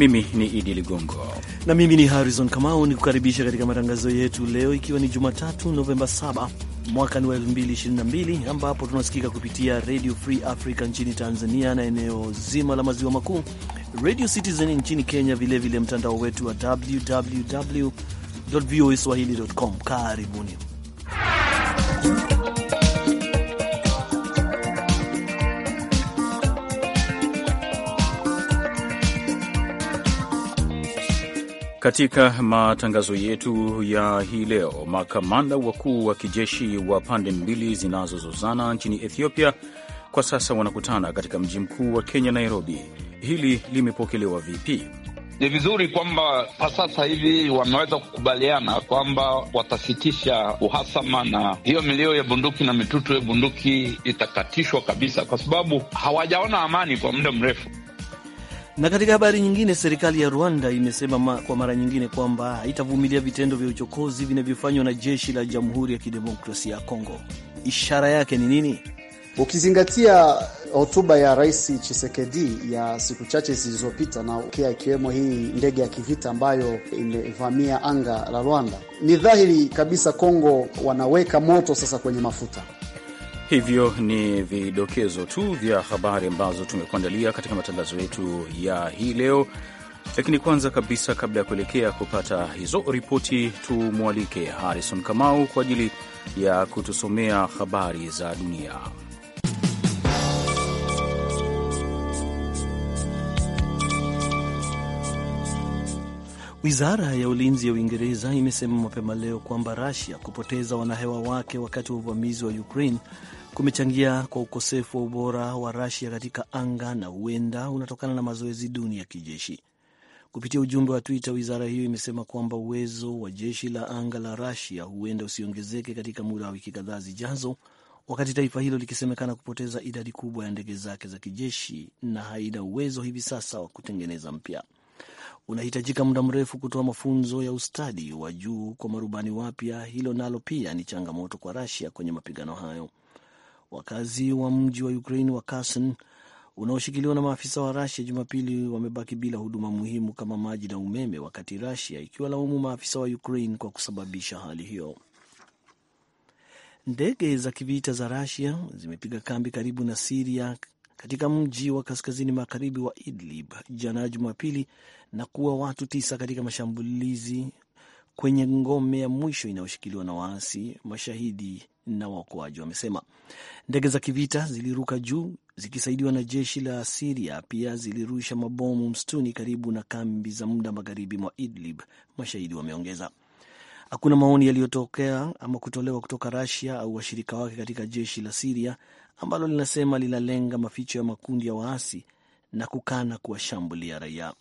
Mimi ni Idi Ligongo na mimi ni Harrison Kamau, ni kukaribisha katika matangazo yetu leo, ikiwa ni Jumatatu Novemba 7 mwaka ni wa 2022 ambapo tunasikika kupitia Radio Free Africa nchini Tanzania na eneo zima la maziwa makuu, Radio Citizen nchini Kenya, vilevile mtandao wetu wa www voa swahili.com. Karibuni. Katika matangazo yetu ya hii leo, makamanda wakuu wa kijeshi wa pande mbili zinazozozana nchini Ethiopia kwa sasa wanakutana katika mji mkuu wa Kenya, Nairobi. Hili limepokelewa vipi? Ni vizuri kwamba kwa sasa hivi wameweza kukubaliana kwamba watasitisha uhasama, na hiyo milio ya bunduki na mitutu ya bunduki itakatishwa kabisa, kwa sababu hawajaona amani kwa muda mrefu. Na katika habari nyingine, serikali ya Rwanda imesema ma, kwa mara nyingine kwamba haitavumilia vitendo vya uchokozi vinavyofanywa na jeshi la Jamhuri ya Kidemokrasia ya Kongo. Ishara yake ni nini? Ukizingatia hotuba ya Rais Chisekedi ya siku chache zilizopita na ukia ikiwemo hii ndege ya kivita ambayo imevamia anga la Rwanda, ni dhahiri kabisa Kongo wanaweka moto sasa kwenye mafuta. Hivyo ni vidokezo tu vya habari ambazo tumekuandalia katika matangazo yetu ya hii leo, lakini kwanza kabisa, kabla ya kuelekea kupata hizo ripoti, tumwalike Harrison Kamau kwa ajili ya kutusomea habari za dunia. Wizara ya ulinzi ya Uingereza imesema mapema leo kwamba rasia kupoteza wanahewa wake wakati wa uvamizi wa Ukraine kumechangia kwa ukosefu wa ubora wa Rasia katika anga na huenda unatokana na mazoezi duni ya kijeshi. Kupitia ujumbe wa Twitter, wizara hiyo imesema kwamba uwezo wa jeshi la anga la Rasia huenda usiongezeke katika muda wa wiki kadhaa zijazo, wakati taifa hilo likisemekana kupoteza idadi kubwa ya ndege zake za kijeshi na haina uwezo hivi sasa wa kutengeneza mpya. Unahitajika muda mrefu kutoa mafunzo ya ustadi wa juu kwa marubani wapya. Hilo nalo pia ni changamoto kwa Rasia kwenye mapigano hayo. Wakazi wa mji wa Ukraine wa Kherson unaoshikiliwa na maafisa wa Rasia Jumapili wamebaki bila huduma muhimu kama maji na umeme, wakati Rasia ikiwalaumu maafisa wa Ukraine kwa kusababisha hali hiyo. Ndege za kivita za Rasia zimepiga kambi karibu na Siria katika mji wa kaskazini magharibi wa Idlib jana Jumapili na kuwa watu tisa katika mashambulizi kwenye ngome ya mwisho inayoshikiliwa na waasi, mashahidi na waokoaji wamesema. Ndege za kivita ziliruka juu zikisaidiwa na jeshi la Siria, pia zilirusha mabomu msituni karibu na kambi za muda magharibi mwa Idlib, mashahidi wameongeza. Hakuna maoni yaliyotokea ama kutolewa kutoka Rasia au washirika wake katika jeshi la Siria ambalo linasema linalenga maficho ya makundi ya waasi na kukana kuwashambulia raia.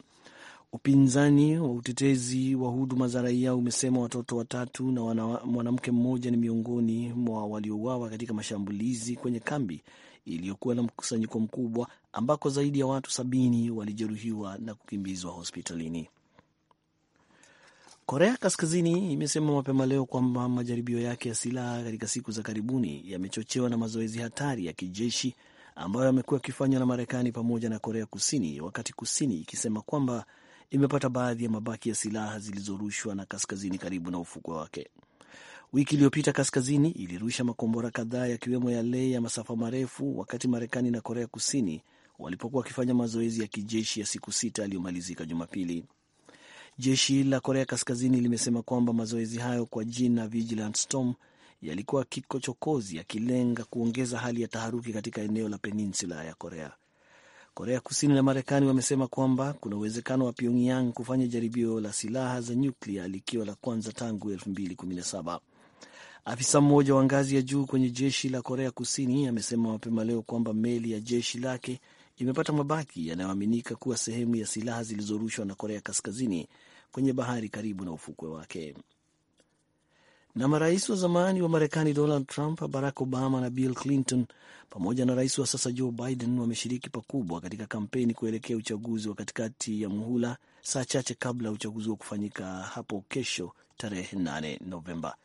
Upinzani wa utetezi wa huduma za raia umesema watoto watatu na mwanamke mmoja ni miongoni mwa waliouawa katika mashambulizi kwenye kambi iliyokuwa na mkusanyiko mkubwa ambako zaidi ya watu sabini walijeruhiwa na kukimbizwa hospitalini. Korea Kaskazini imesema mapema leo kwamba majaribio yake ya silaha katika siku za karibuni yamechochewa na mazoezi hatari ya kijeshi ambayo yamekuwa yakifanywa na Marekani pamoja na Korea Kusini, wakati Kusini ikisema kwamba imepata baadhi ya mabaki ya silaha zilizorushwa na kaskazini karibu na ufukwe wake. Wiki iliyopita kaskazini ilirusha makombora kadhaa yakiwemo yale ya masafa marefu, wakati Marekani na Korea Kusini walipokuwa wakifanya mazoezi ya kijeshi ya siku sita yaliyomalizika Jumapili. Jeshi la Korea Kaskazini limesema kwamba mazoezi hayo kwa jina Vigilant Storm yalikuwa kikochokozi, yakilenga kuongeza hali ya taharuki katika eneo la peninsula ya Korea. Korea Kusini na Marekani wamesema kwamba kuna uwezekano wa Pyongyang kufanya jaribio la silaha za nyuklia likiwa la kwanza tangu 2017. Afisa mmoja wa ngazi ya juu kwenye jeshi la Korea Kusini amesema mapema leo kwamba meli ya jeshi lake imepata mabaki yanayoaminika kuwa sehemu ya silaha zilizorushwa na Korea Kaskazini kwenye bahari karibu na ufukwe wake na marais wa zamani wa Marekani Donald Trump, Barack Obama na Bill Clinton pamoja na rais wa sasa Joe Biden wameshiriki pakubwa katika kampeni kuelekea uchaguzi wa katikati ya muhula, saa chache kabla ya uchaguzi wa kufanyika hapo kesho tarehe 8 Novemba.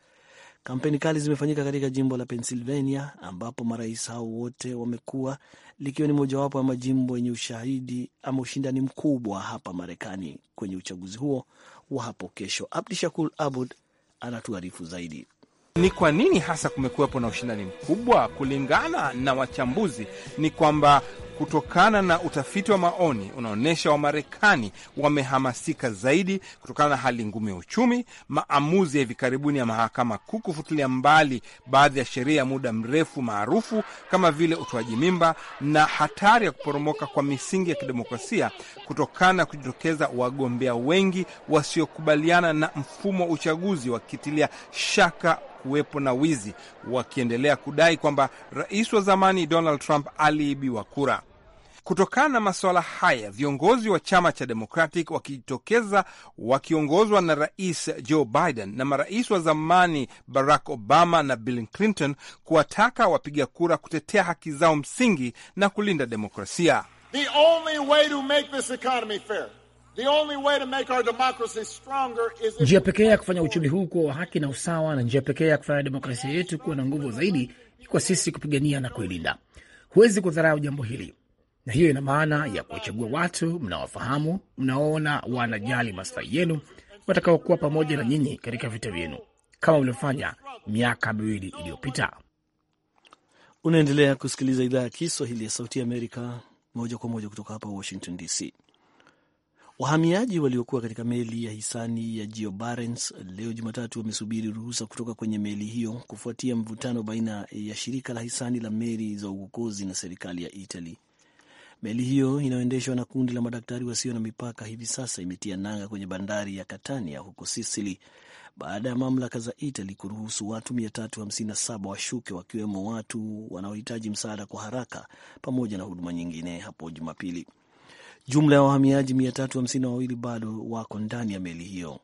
Kampeni kali zimefanyika katika jimbo la Pennsylvania ambapo marais hao wote wamekuwa likiwa ni mojawapo ya majimbo yenye ushahidi ama ushindani mkubwa hapa Marekani kwenye uchaguzi huo wa hapo kesho. Abdi Abud anatuarifu zaidi. Ni kwa nini hasa kumekuwepo na ushindani mkubwa? Kulingana na wachambuzi, ni kwamba kutokana na utafiti wa maoni unaonyesha Wamarekani wamehamasika zaidi kutokana na hali ngumu ya uchumi, maamuzi ya hivi karibuni ya mahakama kuu kufutilia mbali baadhi ya sheria ya muda mrefu maarufu kama vile utoaji mimba, na hatari ya kuporomoka kwa misingi ya kidemokrasia kutokana na kujitokeza wagombea wengi wasiokubaliana na mfumo wa uchaguzi, wakitilia shaka kuwepo na wizi, wakiendelea kudai kwamba rais wa zamani Donald Trump aliibiwa kura. Kutokana na masuala haya, viongozi wa chama cha Democratic wakijitokeza wakiongozwa na Rais Joe Biden na marais wa zamani Barack Obama na Bill Clinton kuwataka wapiga kura kutetea haki zao msingi na kulinda demokrasia. The only way to make this economy fair. Njia pekee ya kufanya uchumi huu kuwa wa haki na usawa na njia pekee ya kufanya demokrasia yetu kuwa na nguvu zaidi ni kwa sisi kupigania na kuilinda. Huwezi kudharau jambo hili na hiyo ina maana ya kuwachagua watu mnaowafahamu, mnaoona wanajali maslahi yenu, watakaokuwa pamoja na nyinyi katika vita vyenu kama mlivyofanya miaka miwili iliyopita. Unaendelea kusikiliza idhaa ya Kiswahili ya Sauti Amerika moja kwa moja kutoka hapa Washington DC. Wahamiaji waliokuwa katika meli ya hisani ya Geo Barents leo Jumatatu wamesubiri ruhusa kutoka kwenye meli hiyo kufuatia mvutano baina ya shirika la hisani la meli za uokozi na serikali ya Italy. Meli hiyo inayoendeshwa na kundi la madaktari wasio na mipaka hivi sasa imetia nanga kwenye bandari ya katania huko Sisili baada ya mamlaka za itali kuruhusu watu 357 washuke wakiwemo watu wanaohitaji msaada kwa haraka pamoja na huduma nyingine hapo Jumapili. Jumla ya wahamiaji 352 bado wako ndani ya meli hiyo.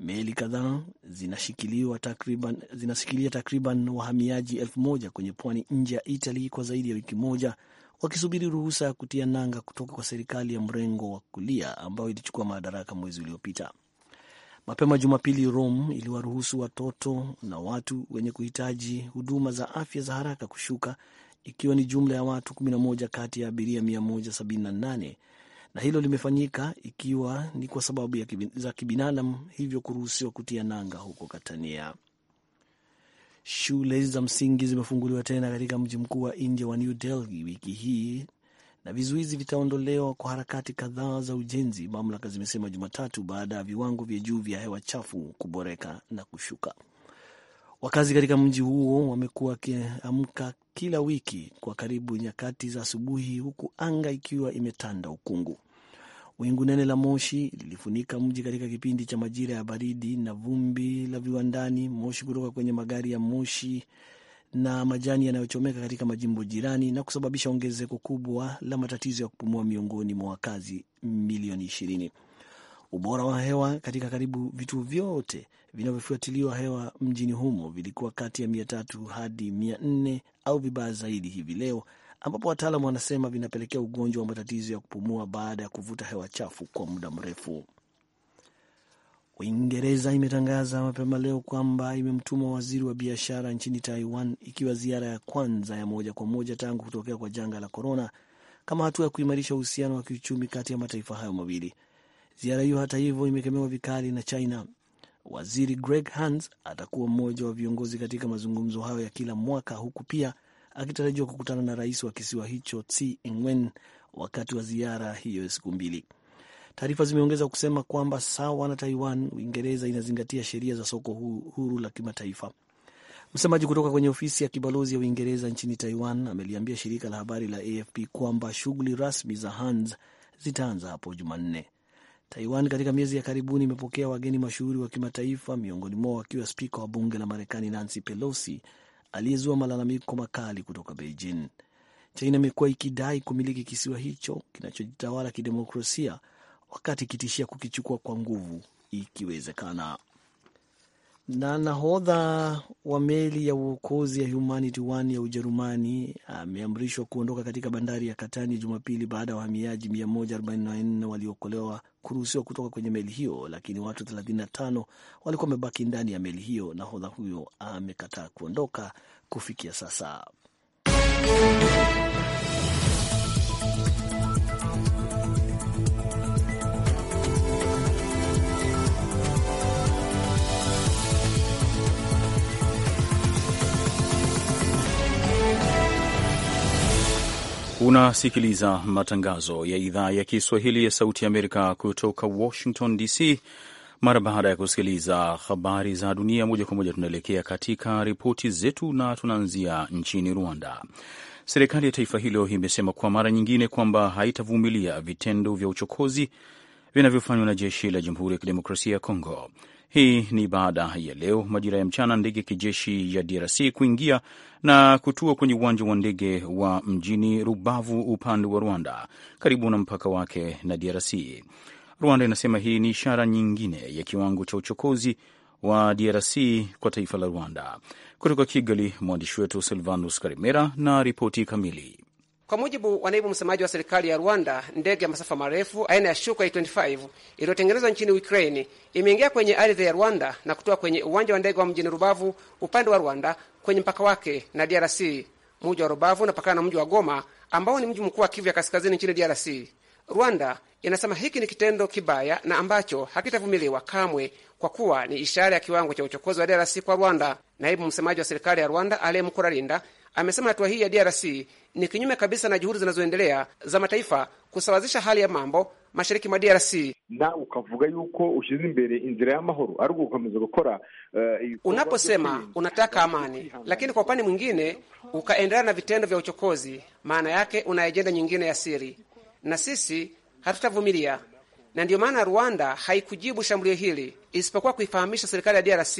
Meli kadhaa zinashikilia takriban, zinashikilia takriban wahamiaji elfu moja kwenye pwani nje ya itali kwa zaidi ya wiki moja wakisubiri ruhusa ya kutia nanga kutoka kwa serikali ya mrengo wa kulia ambayo ilichukua madaraka mwezi uliopita. Mapema Jumapili, Rome iliwaruhusu watoto na watu wenye kuhitaji huduma za afya za haraka kushuka, ikiwa ni jumla ya watu 11 kati ya abiria 178 na hilo limefanyika ikiwa ni kwa sababu za kibinadamu, hivyo kuruhusiwa kutia nanga huko Katania. Shule za msingi zimefunguliwa tena katika mji mkuu wa India wa New Delhi wiki hii na vizuizi vitaondolewa kwa harakati kadhaa za ujenzi, mamlaka zimesema Jumatatu, baada ya viwango vya juu vya hewa chafu kuboreka na kushuka. Wakazi katika mji huo wamekuwa wakiamka kila wiki kwa karibu nyakati za asubuhi, huku anga ikiwa imetanda ukungu. Wingu nene la moshi lilifunika mji katika kipindi cha majira ya baridi na vumbi la viwandani, moshi kutoka kwenye magari ya moshi na majani yanayochomeka katika majimbo jirani na kusababisha ongezeko kubwa la matatizo ya kupumua miongoni mwa wakazi milioni ishirini. Ubora wa hewa katika karibu vituo vyote vinavyofuatiliwa hewa mjini humo vilikuwa kati ya mia tatu hadi mia nne au vibaya zaidi hivi leo ambapo wataalamu wanasema vinapelekea ugonjwa wa matatizo ya kupumua baada ya kuvuta hewa chafu kwa muda mrefu. Uingereza imetangaza mapema leo kwamba imemtuma waziri wa biashara nchini Taiwan, ikiwa ziara ya kwanza ya moja kwa moja tangu kutokea kwa janga la korona, kama hatua ya kuimarisha uhusiano wa kiuchumi kati ya mataifa hayo mawili. Ziara hiyo hata hivyo imekemewa vikali na China. Waziri Greg Hans atakuwa mmoja wa viongozi katika mazungumzo hayo ya kila mwaka, huku pia akitarajiwa kukutana na rais wa kisiwa hicho Tsai ing wakati wa ziara hiyo ya siku mbili. Taarifa zimeongeza kusema kwamba sawa na Taiwan, Uingereza inazingatia sheria za soko huru la kimataifa. Msemaji kutoka kwenye ofisi ya kibalozi ya Uingereza nchini Taiwan ameliambia shirika la habari la AFP kwamba shughuli rasmi za Hands zitaanza hapo Jumanne. Taiwan katika miezi ya karibuni imepokea wageni mashuhuri wa kimataifa, miongoni mwao akiwa spika wa bunge la Marekani Nancy Pelosi aliyezua malalamiko makali kutoka Beijing. China imekuwa ikidai kumiliki kisiwa hicho kinachojitawala kidemokrasia, wakati ikitishia kukichukua kwa nguvu ikiwezekana. Na nahodha wa meli ya uokozi ya Humanity One ya Ujerumani ameamrishwa kuondoka katika bandari ya Katani Jumapili baada ya wahamiaji 144 waliokolewa kuruhusiwa kutoka kwenye meli hiyo, lakini watu 35 walikuwa wamebaki ndani ya meli hiyo. Nahodha huyo amekataa kuondoka kufikia sasa. Unasikiliza matangazo ya idhaa ya Kiswahili ya Sauti ya Amerika kutoka Washington DC. Mara baada ya kusikiliza habari za dunia moja kwa moja, tunaelekea katika ripoti zetu na tunaanzia nchini Rwanda. Serikali ya taifa hilo imesema kwa mara nyingine kwamba haitavumilia vitendo vya uchokozi vinavyofanywa na jeshi la Jamhuri ya Kidemokrasia ya Kongo. Hii ni baada ya leo majira ya mchana ndege kijeshi ya DRC kuingia na kutua kwenye uwanja wa ndege wa mjini Rubavu upande wa Rwanda, karibu na mpaka wake na DRC. Rwanda inasema hii ni ishara nyingine ya kiwango cha uchokozi wa DRC kwa taifa la Rwanda. Kutoka Kigali, mwandishi wetu Silvanus Karimera na ripoti kamili. Kwa mujibu wa naibu msemaji wa serikali ya Rwanda, ndege ya masafa marefu aina ya shuka 25 iliyotengenezwa nchini Ukraini imeingia kwenye ardhi ya Rwanda na kutoka kwenye uwanja wa ndege wa mjini Rubavu upande wa Rwanda kwenye mpaka wake na DRC. Mji wa Rubavu unapakana na mji wa Goma ambao ni mji mkuu wa Kivu ya kaskazini nchini DRC. Rwanda inasema hiki ni kitendo kibaya na ambacho hakitavumiliwa kamwe, kwa kuwa ni ishara ya kiwango cha uchokozi wa DRC kwa Rwanda. Naibu msemaji wa serikali ya Rwanda Alain amesema hatua hii ya DRC ni kinyume kabisa na juhudi zinazoendelea za mataifa kusawazisha hali ya mambo mashariki mwa DRC. na ukavuga yuko ushize imbere inzira mahoro ariko ukomeza gukora uh, unaposema unataka amani, lakini kwa upande mwingine ukaendelea na vitendo vya uchokozi, maana yake una ajenda nyingine ya siri, na sisi hatutavumilia na ndiyo maana Rwanda haikujibu shambulio hili isipokuwa kuifahamisha serikali ya DRC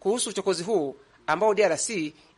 kuhusu uchokozi huu ambao DRC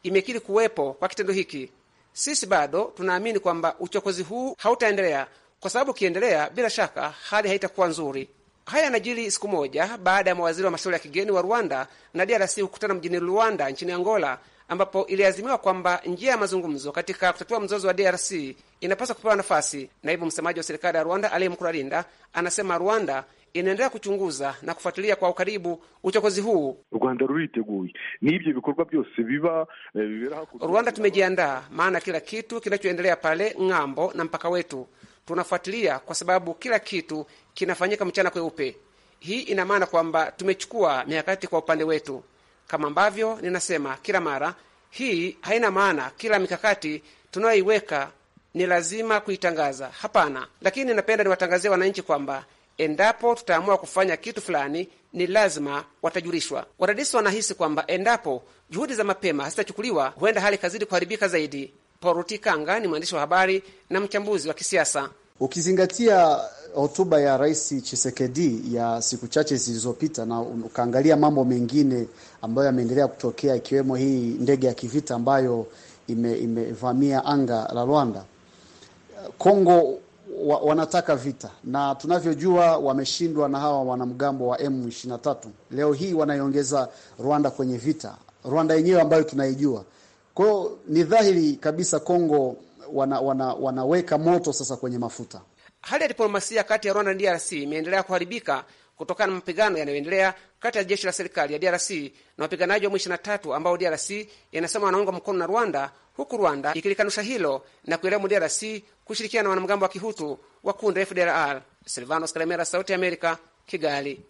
imekiri kuwepo kwa kitendo hiki. Sisi bado tunaamini kwamba uchokozi huu hautaendelea, kwa sababu ukiendelea, bila shaka hali haitakuwa nzuri. Haya yanajiri siku moja baada ya mawaziri wa mashauri ya kigeni wa Rwanda na DRC kukutana mjini Luanda nchini Angola, ambapo iliazimiwa kwamba njia ya mazungumzo katika kutatua mzozo wa DRC inapaswa kupewa nafasi. Naibu msemaji wa serikali ya Rwanda Aliye Mkurarinda anasema Rwanda inaendelea kuchunguza na kufuatilia kwa ukaribu uchokozi huu. Rwanda ruriteguye nivyo bikorwa byose biba eh, Rwanda, tumejiandaa maana kila kitu kinachoendelea pale ng'ambo na mpaka wetu tunafuatilia, kwa sababu kila kitu kinafanyika mchana kweupe. Hii ina maana kwamba tumechukua mikakati kwa upande wetu, kama ambavyo ninasema kila mara. Hii haina maana kila mikakati tunayoiweka ni lazima kuitangaza, hapana. Lakini napenda niwatangazie wananchi kwamba Endapo tutaamua kufanya kitu fulani, ni lazima watajulishwa. Wadadisi wanahisi kwamba endapo juhudi za mapema hazitachukuliwa, huenda hali ikazidi kuharibika zaidi. Paul Rutikanga ni mwandishi wa habari na mchambuzi wa kisiasa. Ukizingatia hotuba ya Rais Chisekedi ya siku chache zilizopita na ukaangalia mambo mengine ambayo yameendelea kutokea ikiwemo hii ndege ya kivita ambayo ime, imevamia anga la Rwanda, Kongo wa, wanataka vita na tunavyojua wameshindwa na hawa wanamgambo wa M23. Leo hii wanaiongeza Rwanda kwenye vita, Rwanda yenyewe ambayo tunaijua. Kwa hiyo ni dhahiri kabisa Kongo wana, wana, wanaweka moto sasa kwenye mafuta. Hali ya diplomasia kati ya Rwanda na DRC imeendelea kuharibika kutokana na mapigano yanayoendelea kati ya jeshi la serikali ya DRC na wapiganaji wa M23 ambao DRC inasema wanaunga mkono na Rwanda, huku Rwanda ikilikanusha hilo na kuilaumu DRC kushirikiana na wanamgambo wa kihutu wa kundi FDLR. Silvanos Kalemera, Sauti ya Amerika, Kigali.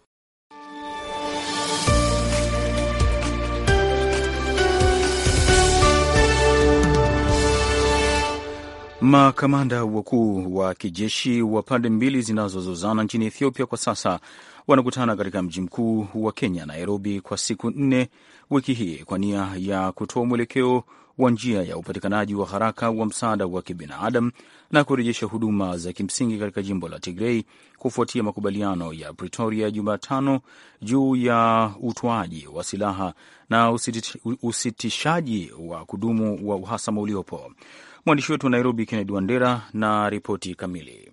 Makamanda wakuu wa kijeshi wa pande mbili zinazozozana nchini Ethiopia kwa sasa wanakutana katika mji mkuu wa Kenya, Nairobi, kwa siku nne wiki hii kwa nia ya kutoa mwelekeo wa njia ya upatikanaji wa haraka wa msaada wa kibinadamu na kurejesha huduma za kimsingi katika jimbo la Tigrei kufuatia makubaliano ya Pretoria Jumatano juu ya utoaji wa silaha na usitishaji wa kudumu wa uhasama uliopo. Mwandishi wetu wa Nairobi, Kennedy Wandera, na ripoti kamili.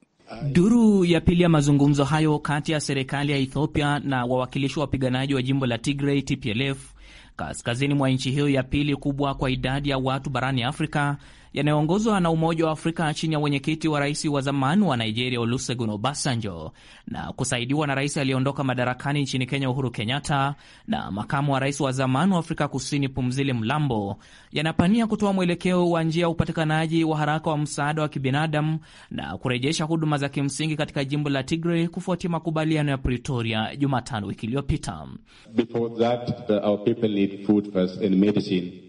Duru ya pili ya mazungumzo hayo kati ya serikali ya Ethiopia na wawakilishi wa wapiganaji wa jimbo la Tigray TPLF kaskazini mwa nchi hiyo ya pili kubwa kwa idadi ya watu barani Afrika yanayoongozwa na Umoja wa Afrika chini ya mwenyekiti wa rais wa zamani wa Nigeria Olusegun Obasanjo na kusaidiwa na rais aliyeondoka madarakani nchini Kenya Uhuru Kenyatta na makamu wa rais wa zamani wa Afrika Kusini Pumzile Mlambo yanapania kutoa mwelekeo wa njia ya upatikanaji wa haraka wa msaada wa kibinadamu na kurejesha huduma za kimsingi katika jimbo la Tigray kufuatia makubaliano ya Pretoria Jumatano wiki iliyopita.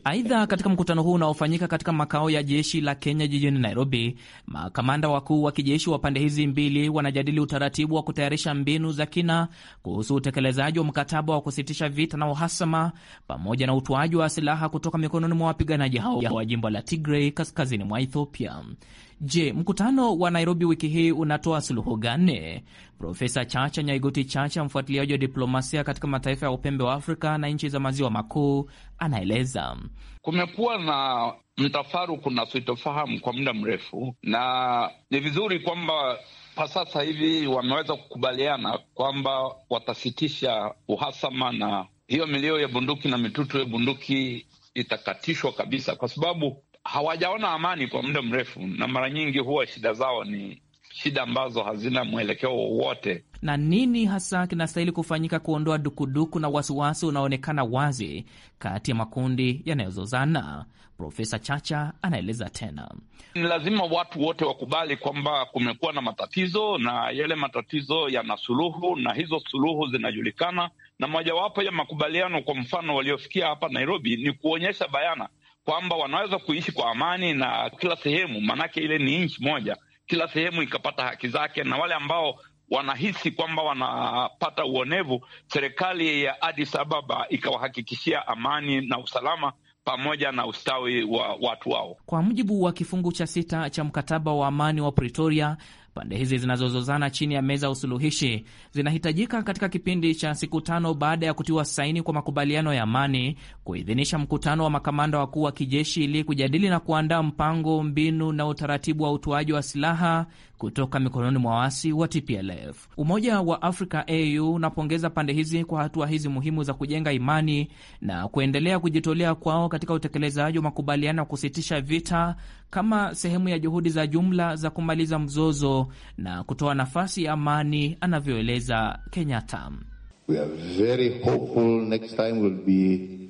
Aidha, katika mkutano huu unaofanyika katika makao ya jeshi la Kenya jijini Nairobi, makamanda wakuu wa kijeshi wa pande hizi mbili wanajadili utaratibu wa kutayarisha mbinu za kina kuhusu utekelezaji wa mkataba wa kusitisha vita na uhasama pamoja na utoaji wa silaha kutoka mikononi mwa wapiganaji hao wa jimbo la Tigray kaskazini mwa Ethiopia. Je, mkutano wa Nairobi wiki hii unatoa suluhu gani? Profesa Chacha Nyaigoti Chacha, mfuatiliaji wa diplomasia katika mataifa ya upembe wa Afrika na nchi za maziwa makuu, anaeleza. Kumekuwa na mtafaruku na sitofahamu kwa muda mrefu, na ni vizuri kwamba kwa sasa hivi wameweza kukubaliana kwamba watasitisha uhasama, na hiyo milio ya bunduki na mitutu ya bunduki itakatishwa kabisa, kwa sababu hawajaona amani kwa muda mrefu, na mara nyingi huwa shida zao ni shida ambazo hazina mwelekeo wowote. Na nini hasa kinastahili kufanyika kuondoa dukuduku na wasiwasi unaoonekana wazi kati ya makundi yanayozozana? Profesa Chacha anaeleza tena. Ni lazima watu wote wakubali kwamba kumekuwa na matatizo na yale matatizo yana suluhu, na hizo suluhu zinajulikana, na mojawapo ya makubaliano, kwa mfano, waliofikia hapa Nairobi ni kuonyesha bayana kwamba wanaweza kuishi kwa amani na kila sehemu, maanake ile ni nchi moja, kila sehemu ikapata haki zake, na wale ambao wanahisi kwamba wanapata uonevu, serikali ya Addis Ababa ikawahakikishia amani na usalama pamoja na ustawi wa watu wao. Kwa mujibu wa kifungu cha sita cha mkataba wa amani wa Pretoria, Pande hizi zinazozozana chini ya meza ya usuluhishi zinahitajika katika kipindi cha siku tano baada ya kutiwa saini kwa makubaliano ya amani kuidhinisha mkutano wa makamanda wakuu wa kijeshi ili kujadili na kuandaa mpango, mbinu na utaratibu wa utoaji wa silaha kutoka mikononi mwa waasi wa TPLF. Umoja wa Afrika AU unapongeza pande hizi kwa hatua hizi muhimu za kujenga imani na kuendelea kujitolea kwao katika utekelezaji wa makubaliano ya kusitisha vita kama sehemu ya juhudi za jumla za kumaliza mzozo na kutoa nafasi ya amani, anavyoeleza Kenyatta. We are very hopeful next time be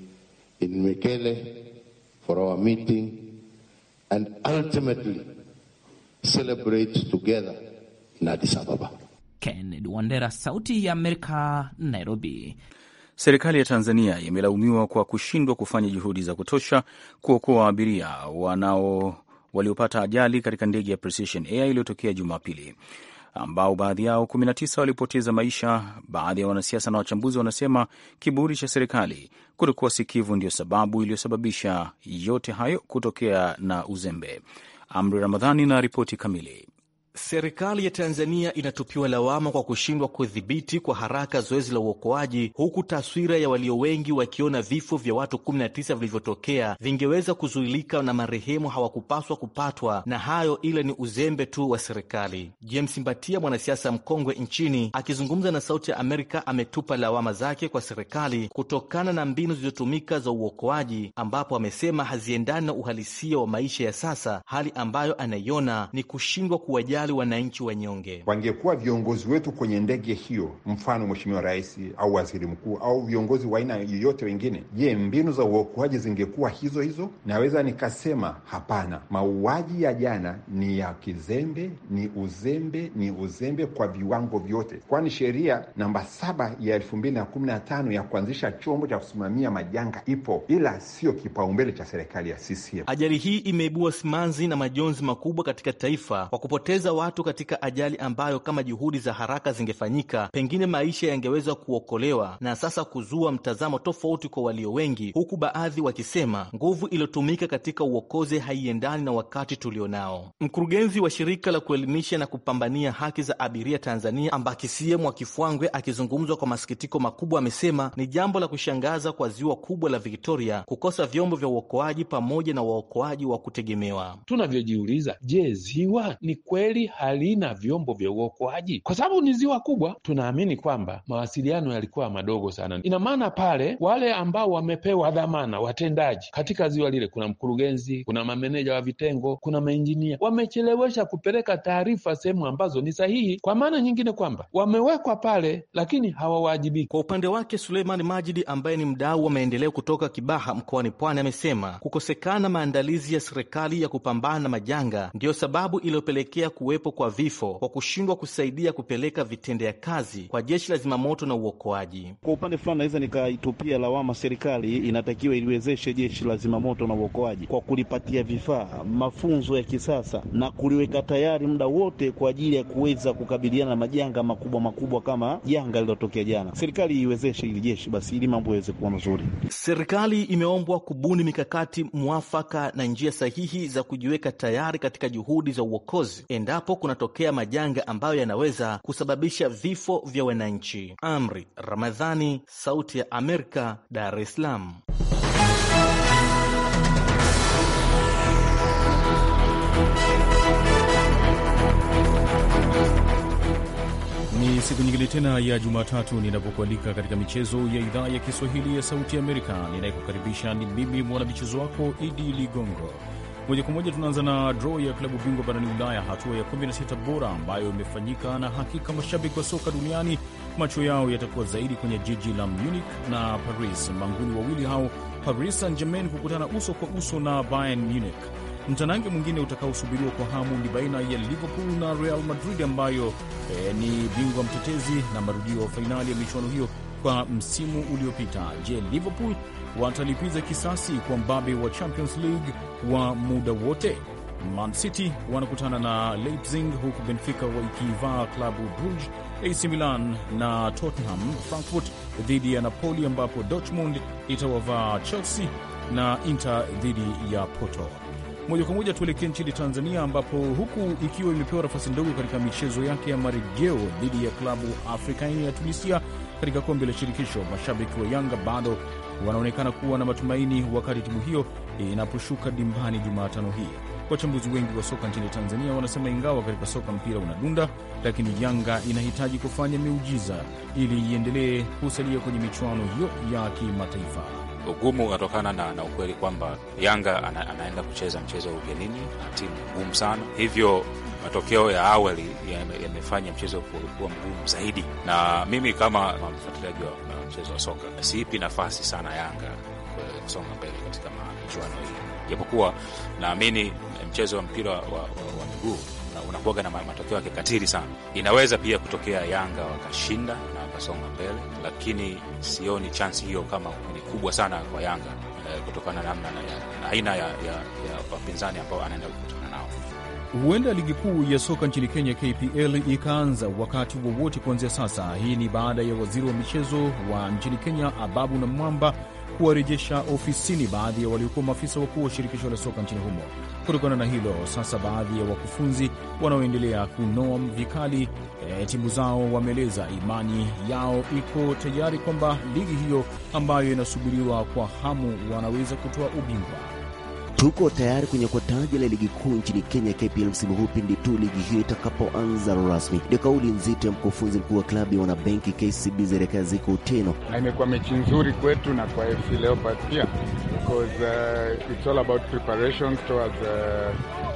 in Mekele for our meeting and ultimately celebrate together in Addis Ababa. Kennedy Wandera, Sauti ya Amerika, Nairobi. Serikali ya Tanzania imelaumiwa kwa kushindwa kufanya juhudi za kutosha kuokoa abiria wanao waliopata ajali katika ndege ya Precision Air iliyotokea Jumapili, ambao baadhi yao 19 walipoteza maisha. Baadhi ya wanasiasa na wachambuzi wanasema kiburi cha serikali kutokuwa sikivu ndiyo sababu iliyosababisha yote hayo kutokea na uzembe. Amri Ramadhani na ripoti kamili. Serikali ya Tanzania inatupiwa lawama kwa kushindwa kudhibiti kwa haraka zoezi la uokoaji, huku taswira ya walio wengi wakiona vifo vya watu 19 vilivyotokea vingeweza kuzuilika na marehemu hawakupaswa kupatwa na hayo, ila ni uzembe tu wa serikali. James Mbatia, mwanasiasa mkongwe nchini, akizungumza na Sauti ya Amerika, ametupa lawama zake kwa serikali kutokana na mbinu zilizotumika za uokoaji, ambapo amesema haziendani na uhalisia wa maisha ya sasa, hali ambayo anaiona ni kushindwa kuwaja kujali wananchi wanyonge. Wangekuwa viongozi wetu kwenye ndege hiyo, mfano mheshimiwa rais au waziri mkuu au viongozi wa aina yoyote wengine, je, mbinu za uokoaji zingekuwa hizo hizo? Naweza nikasema hapana. Mauaji ya jana ni ya kizembe, ni uzembe, ni uzembe kwa viwango vyote, kwani sheria namba saba ya elfu mbili na kumi na tano ya kuanzisha chombo cha kusimamia majanga ipo, ila sio kipaumbele cha serikali ya CCM. Ajali hii imeibua simanzi na majonzi makubwa katika taifa kwa kupoteza watu katika ajali ambayo kama juhudi za haraka zingefanyika, pengine maisha yangeweza kuokolewa, na sasa kuzua mtazamo tofauti kwa walio wengi, huku baadhi wakisema nguvu iliyotumika katika uokozi haiendani na wakati tulionao. Mkurugenzi wa shirika la kuelimisha na kupambania haki za abiria Tanzania, Ambakisie Mwakifwangwe, akizungumzwa kwa masikitiko makubwa, amesema ni jambo la kushangaza kwa ziwa kubwa la Victoria kukosa vyombo vya uokoaji pamoja na waokoaji wa kutegemewa. Tunavyojiuliza, je, ziwa ni kweli hili halina vyombo vya uokoaji? Kwa sababu ni ziwa kubwa, tunaamini kwamba mawasiliano yalikuwa madogo sana. Ina maana pale wale ambao wamepewa dhamana, watendaji katika ziwa lile, kuna mkurugenzi, kuna mameneja wa vitengo, kuna mainjinia, wamechelewesha kupeleka taarifa sehemu ambazo ni sahihi. Kwa maana nyingine kwamba wamewekwa pale, lakini hawawajibiki. Kwa upande wake, Suleiman Majidi ambaye ni mdau wa maendeleo kutoka Kibaha mkoani Pwani amesema kukosekana maandalizi ya serikali ya kupambana na majanga ndiyo sababu iliyopelekea kuwe kuwepo kwa vifo kwa kushindwa kusaidia kupeleka vitendea kazi kwa jeshi la zimamoto na uokoaji. Kwa upande fulani, naweza nikaitupia lawama serikali, inatakiwa iliwezeshe jeshi la zimamoto na uokoaji kwa kulipatia vifaa, mafunzo ya kisasa na kuliweka tayari muda wote kwa ajili ya kuweza kukabiliana na majanga makubwa makubwa kama janga lililotokea jana. Serikali iwezeshe ili jeshi basi, ili mambo yaweze kuwa mazuri. Serikali imeombwa kubuni mikakati mwafaka na njia sahihi za kujiweka tayari katika juhudi za uokozi endapo hapo kunatokea majanga ambayo yanaweza kusababisha vifo vya wananchi. Amri Ramadhani, Sauti ya Amerika, Dar es Salaam. Ni siku nyingine tena ya Jumatatu ninapokualika katika michezo ya idhaa ya Kiswahili ya Sauti Amerika. Ninayekukaribisha ni mimi mwanamichezo wako Idi Ligongo. Moja kwa moja tunaanza na draw ya klabu bingwa barani Ulaya hatua ya 16 bora ambayo imefanyika, na hakika mashabiki wa soka duniani macho yao yatakuwa zaidi kwenye jiji la Munich na Paris. Manguni wawili hao Paris Saint-Germain kukutana uso kwa uso na Bayern Munich. Mtanange mwingine utakaosubiriwa kwa hamu ni baina ya Liverpool na Real Madrid ambayo eh, ni bingwa mtetezi na marudio wa fainali ya michuano hiyo kwa msimu uliopita. Je, Liverpool watalipiza kisasi kwa mbabe wa Champions League wa muda wote? Man City wanakutana na Leipzig, huku Benfica waikivaa klabu bruge AC Milan na Tottenham, Frankfurt dhidi ya Napoli, ambapo Dortmund itawavaa Chelsea na Inter dhidi ya Porto. Moja kwa moja tuelekee nchini Tanzania, ambapo huku ikiwa imepewa nafasi ndogo katika michezo yake ya marejeo dhidi ya klabu Afrikaini ya Tunisia katika kombe la shirikisho, mashabiki wa Yanga bado wanaonekana kuwa na matumaini wakati timu hiyo inaposhuka dimbani Jumatano hii. Wachambuzi wengi wa soka nchini Tanzania wanasema ingawa katika soka mpira unadunda, lakini Yanga inahitaji kufanya miujiza ili iendelee kusalia kwenye michuano hiyo ya kimataifa ugumu unatokana na, na ukweli kwamba Yanga ana, anaenda kucheza mchezo wa ugenini na timu ngumu sana, hivyo matokeo ya awali yamefanya ya mchezo kuwa mgumu zaidi, na mimi kama mfuatiliaji wa mchezo wa soka siipi nafasi sana Yanga eh, kusonga mbele katika michuano hii, japokuwa naamini mchezo wa mpira wa, wa, wa miguu unakuwaga na matokeo ya kikatili sana. Inaweza pia kutokea Yanga wakashinda akasonga mbele, lakini sioni chansi hiyo kama ni kubwa sana kwa Yanga eh, kutokana na namna na aina ya, ya, ya wapinzani ambao anaenda kukutana nao. Huenda ligi kuu ya soka nchini Kenya KPL ikaanza wakati wowote kuanzia sasa. Hii ni baada ya waziri wa michezo wa nchini Kenya Ababu na Mwamba kuwarejesha ofisini baadhi ya waliokuwa maafisa wakuu wa shirikisho la soka nchini humo. Kutokana na hilo, sasa baadhi ya wakufunzi wanaoendelea kunoa vikali e, timu zao wameeleza imani yao iko tayari kwamba ligi hiyo ambayo inasubiriwa kwa hamu wanaweza kutoa ubingwa. Tuko tayari kwenye kwa taji la ligi kuu nchini Kenya KPL msimu huu pindi tu ligi hiyo itakapoanza rasmi. Ndio kauli nzito ya mkufunzi mkuu wa klabu ya wanabenki KCB Zereka Ziko Uteno. Na imekuwa mechi nzuri kwetu na kwa FC Leopards pia because uh, it's all about preparation towards uh,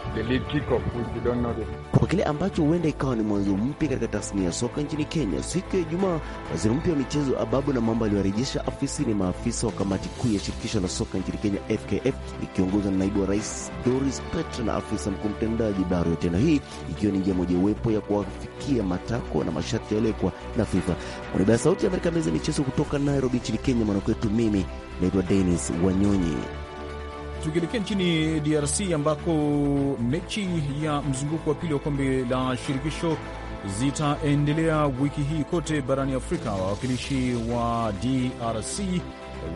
kwa kile ambacho huenda ikawa ni mwanzo mpya katika tasnia ya soka nchini Kenya. Siku ya Ijumaa, waziri mpya wa michezo Ababu na Mwamba aliwarejesha afisini maafisa wa kamati kuu ya shirikisho la soka nchini Kenya, FKF, ikiongozwa na naibu wa rais Doris Petra na afisa mkuu mtendaji Dario Tena, hii ikiwa ni njia mojawapo ya kuwafikia matakwa na masharti yaliyowekwa na FIFA. Kwa ya Sauti ya Amerika, meza michezo kutoka Nairobi nchini Kenya, mwanakwetu, mimi naitwa Denis Wanyonyi. Tukielekea nchini DRC ambako mechi ya mzunguko wa pili wa kombe la shirikisho zitaendelea wiki hii kote barani Afrika. Wawakilishi wa DRC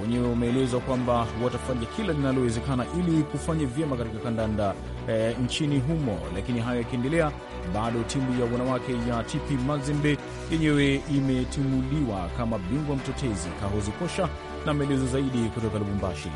wenyewe wameelezwa kwamba watafanya kila linalowezekana ili kufanya vyema katika kandanda e, nchini humo. Lakini hayo yakiendelea, bado timu ya wanawake ya TP Mazembe yenyewe imetimuliwa kama bingwa mtetezi. Kahozi Kosha na maelezo zaidi kutoka Lubumbashi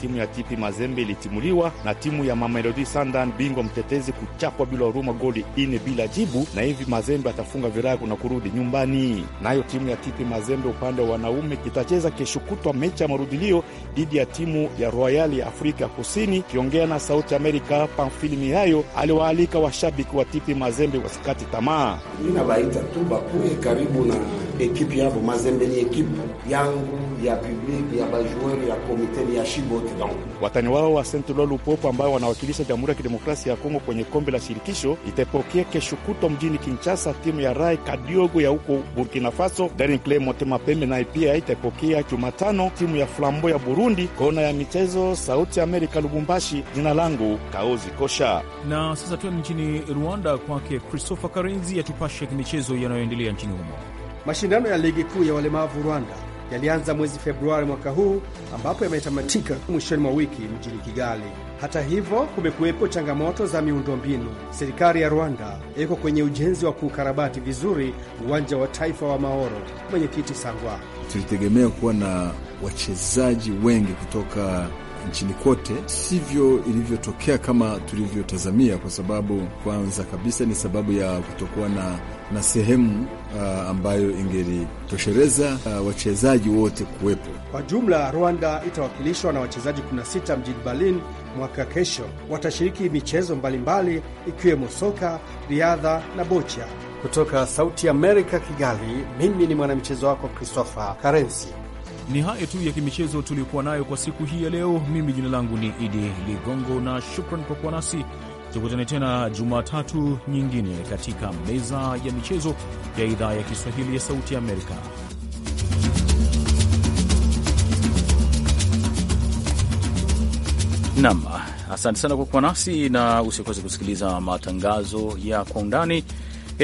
timu ya TP Mazembe ilitimuliwa na timu ya Mamelodi sandan bingwa mtetezi kuchapwa bila huruma goli ine bila jibu, na hivi Mazembe atafunga virago na kurudi nyumbani. Nayo timu ya TP Mazembe upande wa wanaume itacheza kesho kutwa mechi ya marudilio dhidi ya timu ya Royal ya Afrika Kusini. Kiongea na Sauti Amerika Pamfilimi hayo aliwaalika washabiki wa TP Mazembe wasikati tamaa. Mi nabaita tu bakuye karibu na ekipi yavo. Mazembe ni ekipu yangu ya publiki ya bajueri ya komiteni ya shibot Donc watani wao wa Saint Eloi Lupopo ambao wanawakilisha Jamhuri ya Kidemokrasia ya Kongo kwenye kombe la shirikisho itapokea kesho kutwa mjini Kinshasa timu ya Rai Kadiogo ya huko Burkina Faso. Daring Club Motema Pembe naye pia itapokea Jumatano timu ya Flambo ya Burundi. Kona ya michezo, Sauti ya Amerika, Lubumbashi. Jina langu Kaozi Kosha. Na sasa tuende nchini Rwanda kwake Christopher Karenzi atupashe michezo yanayoendelea nchini humo. Mashindano ya ligi kuu ya walemavu Rwanda yalianza mwezi Februari mwaka huu ambapo yametamatika mwishoni mwa wiki mjini Kigali. Hata hivyo, kumekuwepo changamoto za miundombinu. Serikali ya Rwanda iko kwenye ujenzi wa kuukarabati vizuri uwanja wa taifa wa Mahoro. Mwenyekiti Sangwa: tulitegemea kuwa na wachezaji wengi kutoka nchini kote, sivyo ilivyotokea kama tulivyotazamia, kwa sababu kwanza kabisa ni sababu ya kutokuwa na, na sehemu uh, ambayo ingelitosheleza uh, wachezaji wote kuwepo. Kwa jumla, Rwanda itawakilishwa na wachezaji 16 mjini Berlin mwaka kesho. Watashiriki michezo mbalimbali ikiwemo soka, riadha na bocha. Kutoka Sauti Amerika, Kigali, mimi ni mwanamchezo wako Christopher Karensi. Ni hayo tu ya kimichezo tuliyokuwa nayo kwa siku hii ya leo. Mimi jina langu ni Idi Ligongo na shukran kwa kuwa nasi Tukutane tena Jumatatu nyingine katika meza ya michezo ya idhaa ya Kiswahili ya Sauti Amerika. Nam, asante sana kwa kuwa nasi na usikose kusikiliza matangazo ya kwa undani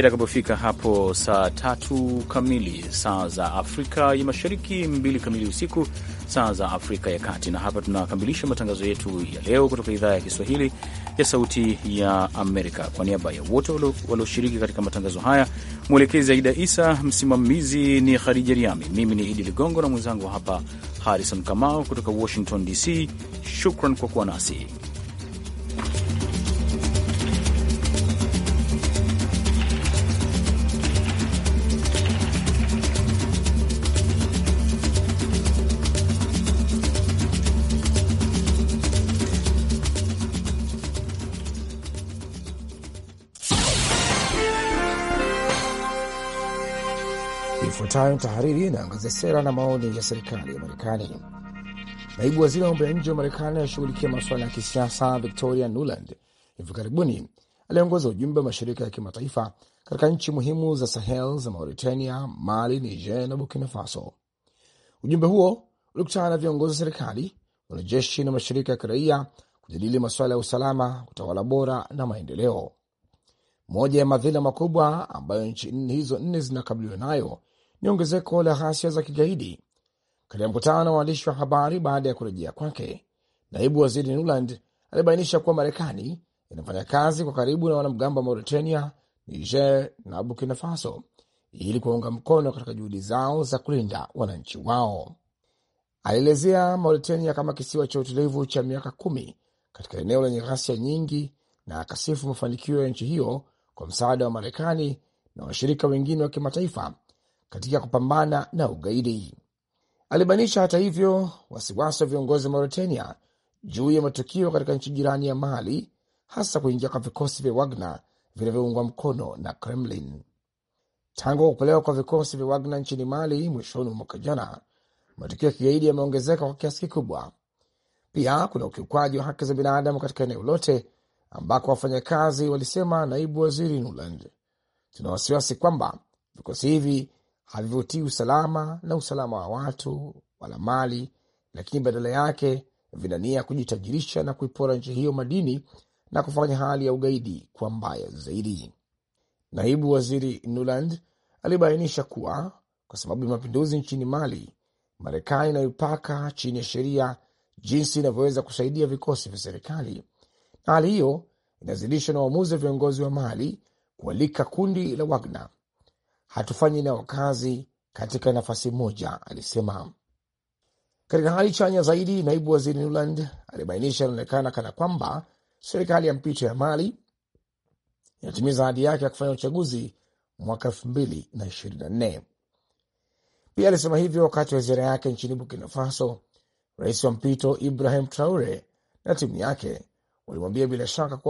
itakapofika hapo saa tatu kamili saa za Afrika ya Mashariki, mbili kamili usiku saa za Afrika ya Kati. Na hapa tunakamilisha matangazo yetu ya leo kutoka idhaa ya Kiswahili ya Sauti ya Amerika. Kwa niaba ya wote walioshiriki katika matangazo haya, mwelekezi Aida Isa, msimamizi ni Khadija Riami, mimi ni Idi Ligongo na mwenzangu hapa Harrison Kamau kutoka Washington DC. Shukran kwa kuwa nasi. Ifuatayo ni tahariri inaangazia sera na maoni ya serikali ya Marekani. Naibu waziri wa mambo ya nje wa Marekani anashughulikia masuala ya kisiasa Victoria Nuland hivi karibuni aliongoza ujumbe wa mashirika ya kimataifa katika nchi muhimu za Sahel za Mauritania, Mali, Niger na Burkina Faso. Ujumbe huo ulikutana na viongozi wa serikali, wanajeshi na mashirika ya kiraia kujadili masuala ya usalama, utawala bora na maendeleo. Moja ya madhila makubwa ambayo nchi hizo nne zinakabiliwa nayo ni ongezeko la ghasia za kigaidi. Katika mkutano na waandishi wa habari baada ya kurejea kwake, naibu waziri Nuland alibainisha kuwa Marekani inafanya kazi kwa karibu na wanamgambo wa Mauritania, Niger na Burkina Faso ili kuwaunga mkono katika juhudi zao za kulinda wananchi wao. Alielezea Mauritania kama kisiwa cha utulivu cha miaka kumi katika eneo lenye ghasia nyingi na akasifu mafanikio ya nchi hiyo kwa msaada wa Marekani na washirika wengine wa kimataifa katika kupambana na ugaidi. Alibainisha hata hivyo wasiwasi wa viongozi wa Mauritania juu ya matukio katika nchi jirani ya Mali, hasa kuingia kwa vikosi vya Wagner vinavyoungwa mkono na Kremlin. Tangu kupelekwa kwa vikosi vya Wagner nchini Mali mwishoni mwa mwaka jana, matukio ya kigaidi yameongezeka kwa kiasi kikubwa. Pia kuna ukiukwaji wa haki za binadamu katika eneo lote, ambako wafanyakazi walisema naibu waziri Nuland. Tuna wasiwasi kwamba vikosi hivi havivutii usalama na usalama wa watu wala mali, lakini badala yake vinania kujitajirisha na kuipora nchi hiyo madini na kufanya hali ya ugaidi kwa mbaya zaidi. Naibu waziri Nuland alibainisha kuwa kwa sababu ya mapinduzi nchini Mali, Marekani inaipaka chini ya sheria jinsi inavyoweza kusaidia vikosi vya serikali, na hali hiyo inazidishwa na uamuzi wa viongozi wa Mali kualika kundi la Wagner hatufanyi nao kazi katika nafasi moja, alisema. Katika hali chanya zaidi, naibu waziri newland alibainisha inaonekana kana kwamba serikali ya mpito ya Mali inatimiza ahadi yake ya kufanya uchaguzi mwaka elfu mbili na ishirini na nne. Pia alisema hivyo wakati wa ziara yake nchini Burkina Faso. Rais wa mpito Ibrahim Traore na timu yake walimwambia bila shaka kuwa